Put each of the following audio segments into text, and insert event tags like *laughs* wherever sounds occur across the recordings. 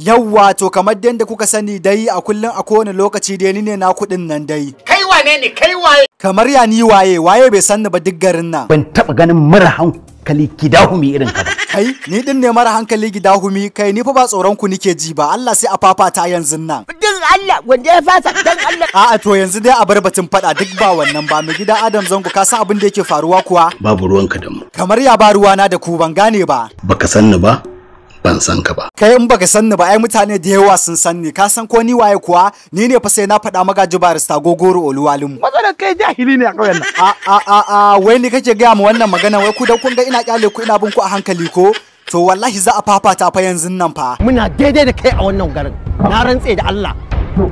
Yawwa to kamar yadda kuka sani dai a kullum a kowane lokaci dai ni ne na kuɗin nan dai. Kai wane ne kai waye? Kamar ya ni waye waye bai san ba duk garin nan. Ban taɓa ganin mara hankali gidahumi irin ka ba. Kai ni din ne mara hankali gidahumi kai ni fa ba tsoron ku nike ji ba Allah sai a fafata yanzu nan. Dan Allah wanda ya fasa dan Allah. *laughs* A'a to yanzu dai a bar batun faɗa duk ba wannan ba mai gida Adam Zango ka san abin da yake faruwa kuwa? Babu ruwanka da mu. Kamar ya ba ruwana da ku ban gane ba. Baka san ni ba? ban san ka ba. Kai in baka san ni ba ai mutane da yawa sun sanni ni ka san ko ni waye kuwa ni ne fa sai na faɗa maka jibarista gogoro oluwalin. Matsalar kai jahili ne a ƙauyen nan. A a a wai ni kake gaya mu wannan magana wai ku da kun ga ina kyale ku ina bin ku a hankali ko to wallahi za a fafata fa yanzu nan fa. Muna daidai da kai a wannan garin na rantse da Allah.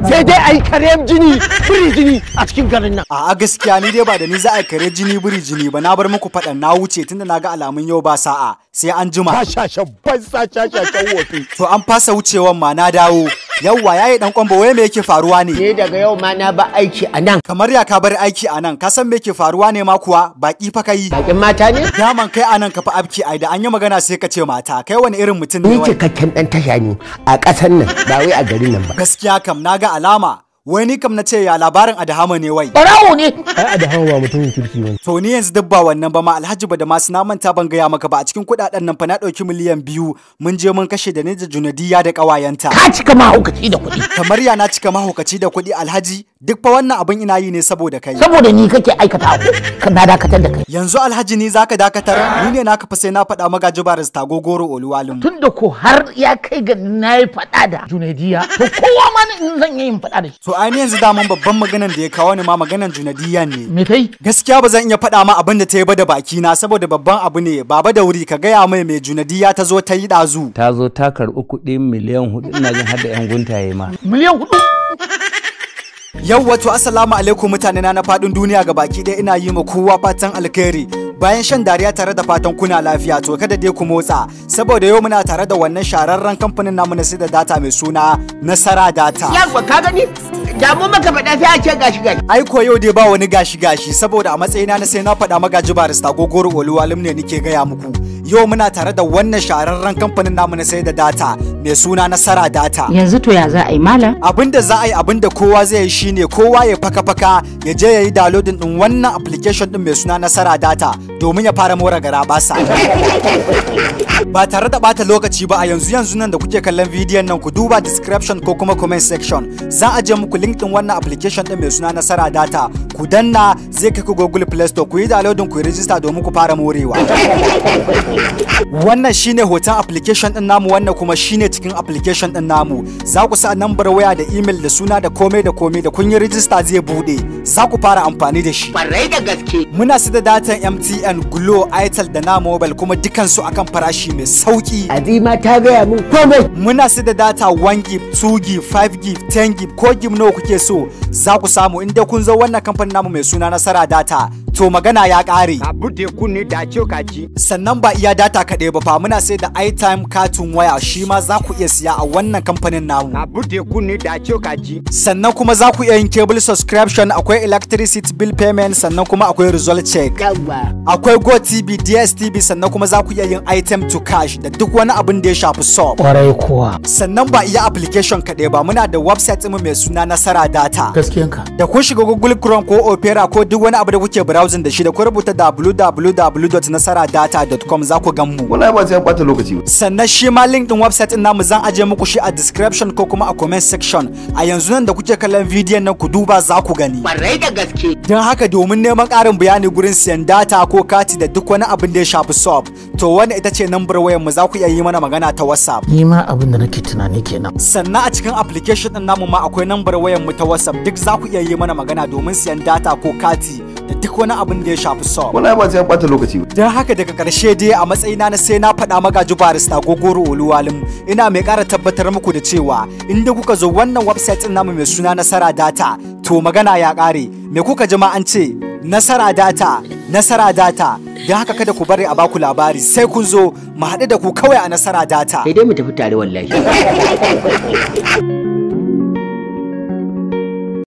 sai dai a yi kare jini biri jini a cikin garin nan a'a gaskiya ni dai ba da ni za a kare jini biri jini ba na bar muku faɗan na wuce tunda na ga alamun yau ba sa'a sai an jima shashashan ban sa shashashan wofi to an fasa wucewan ma na dawo Yawwa yayi dan kwambo wai me yake faruwa ne? Ni daga yau ma na ba aiki a nan. Kamar ya ka bar aiki a nan, ka san me yake faruwa ne ma kuwa baki fa kai. Bakin mata ne? Daman kai a nan ka fa abki ai da an yi magana sai ka ce mata, kai wani irin mutum ne? Ni cikakken dan tasha ne a kasan nan ba wai a garin nan ba. Gaskiya kam na ga alama wai ni kam na ce ya labarin adahama ne wai barawo ne ai adahama ba mutumin kirki ba to ni yanzu duk wannan ba ma alhaji ba da ma na manta ban gaya maka ba a cikin kudaden nan fa na dauki miliyan biyu mun je mun kashe da ni da junadiya da kawayenta ka cika mahaukaci da kuɗi kamar ya na cika mahaukaci da kuɗi alhaji duk fa wannan abin ina yi ne saboda kai saboda ni kake aikata ka na dakatar da kai yanzu alhaji ni zaka dakatar ni ne naka fa sai na faɗa maka jibaris tagogoro oluwalim tunda ko har ya kai ga nayi faɗa da junadiya to kowa ma in zan yi faɗa da shi to ai yanzu daman babban maganan da ya kawo ni ma maganan junadiya ne me kai gaskiya ba zan iya faɗa ma abin da ta yi ba da baki na saboda babban abu ne baba da wuri ka gaya mai mai junadiya ta zo ta yi ɗazu ta zo ta karɓi kuɗi miliyan hudu ina jin har da yan guntaye ma miliyan hudu Yau wato assalamu alaikum mutane na faɗin duniya ga baki ɗaya ina yi ma kowa fatan alkhairi bayan shan dariya tare da fatan kuna lafiya to kada dai ku motsa saboda yau muna tare da wannan shararren kamfanin namu na da data mai suna Nasara Data. yawa ka gani mu maka faɗa sai a ce gashi gashi. Ai ko yau dai ba wani gashi gashi saboda a matsayina na sai na faɗa magaji barista gogoro Oluwalim ne nake gaya muku. yau muna tare da wannan shahararren kamfanin namu na sayar da data mai suna nasara data yanzu to ya za a yi malam abin da za a yi abin da kowa zai yi shine kowa ya faka faka ya je ya yi downloading din wannan application din mai suna nasara data domin ya fara mora gara basa. Ba tare da bata lokaci ba a yanzu yanzu nan da kuke kallon bidiyon nan ku duba description ko kuma comment section. Za a je muku link din wannan application din mai suna Nasara Data. Ku danna zai kai ku Google Play Store ku yi downloading ku yi register domin ku fara morewa. Wannan shine hoton application din namu wannan kuma shine cikin application din namu. Za ku sa number waya da email da suna da komai da komai da kun yi register zai bude. Za ku fara amfani da shi. Kwarai da gaske. Muna su da datan MTN and Glo, Itel da na mobile kuma dukansu akan farashi mai sauki. Azima ta gaya min komai. Muna su da data 1 gig, 2 gig, 5 gig, 10 gig ko gig nawa kuke so za ku samu inda kun zo wannan kamfanin namu mai suna Nasara Data. to magana ya ƙare. A bude kunne da ce kaji. Sannan ba iya data kaɗai ba fa muna sai da iTime katun waya shi ma za ku iya siya a wannan kamfanin namu. A bude kunne da ce kaji. Sannan kuma za ku iya yin cable subscription akwai electricity bill payment sannan kuma akwai result check. Akwai Go TV, DSTV sannan kuma za ku iya yin item to cash da duk wani abin da ya shafi sub. Kwarai kuwa. Sannan ba iya application kaɗai ba muna da website mu mai suna Nasara Data. Gaskiyanka. Da kun shiga Google Chrome ko Opera ko duk wani abu da kuke browse 2006 ku rubuta www.nasaradata.com za ku gan mu wallahi ba sai bata lokaci ba sannan shi ma link din website din namu zan aje muku shi a description ko kuma a comment section a yanzu nan da kuke kallon bidiyon nan ku duba za ku gani barai da gaske don haka domin neman ƙarin bayani gurin siyan data ko kati da duk wani abin da ya shafi sub to wani ita ce number wayar mu za ku iya yi mana magana ta whatsapp ni ma abin da nake tunani kenan sannan a cikin application din namu ma akwai number wayar mu ta whatsapp duk za ku iya yi mana magana domin siyan data ko kati da duk wani abin da ya shafi song wallahi ba zai bata lokaci ba dan haka daga karshe dai a matsayina na sai na faɗa magaji barista gogoro oluwalim ina mai ƙara tabbatar muku da cewa inda kuka zo wannan website din namu mai suna nasara data to magana ya kare me kuka jima an ce nasara data nasara data da haka kada ku bari a baku labari sai kun zo mu haɗu da ku kawai a nasara data sai dai mu tafi tare wallahi *laughs*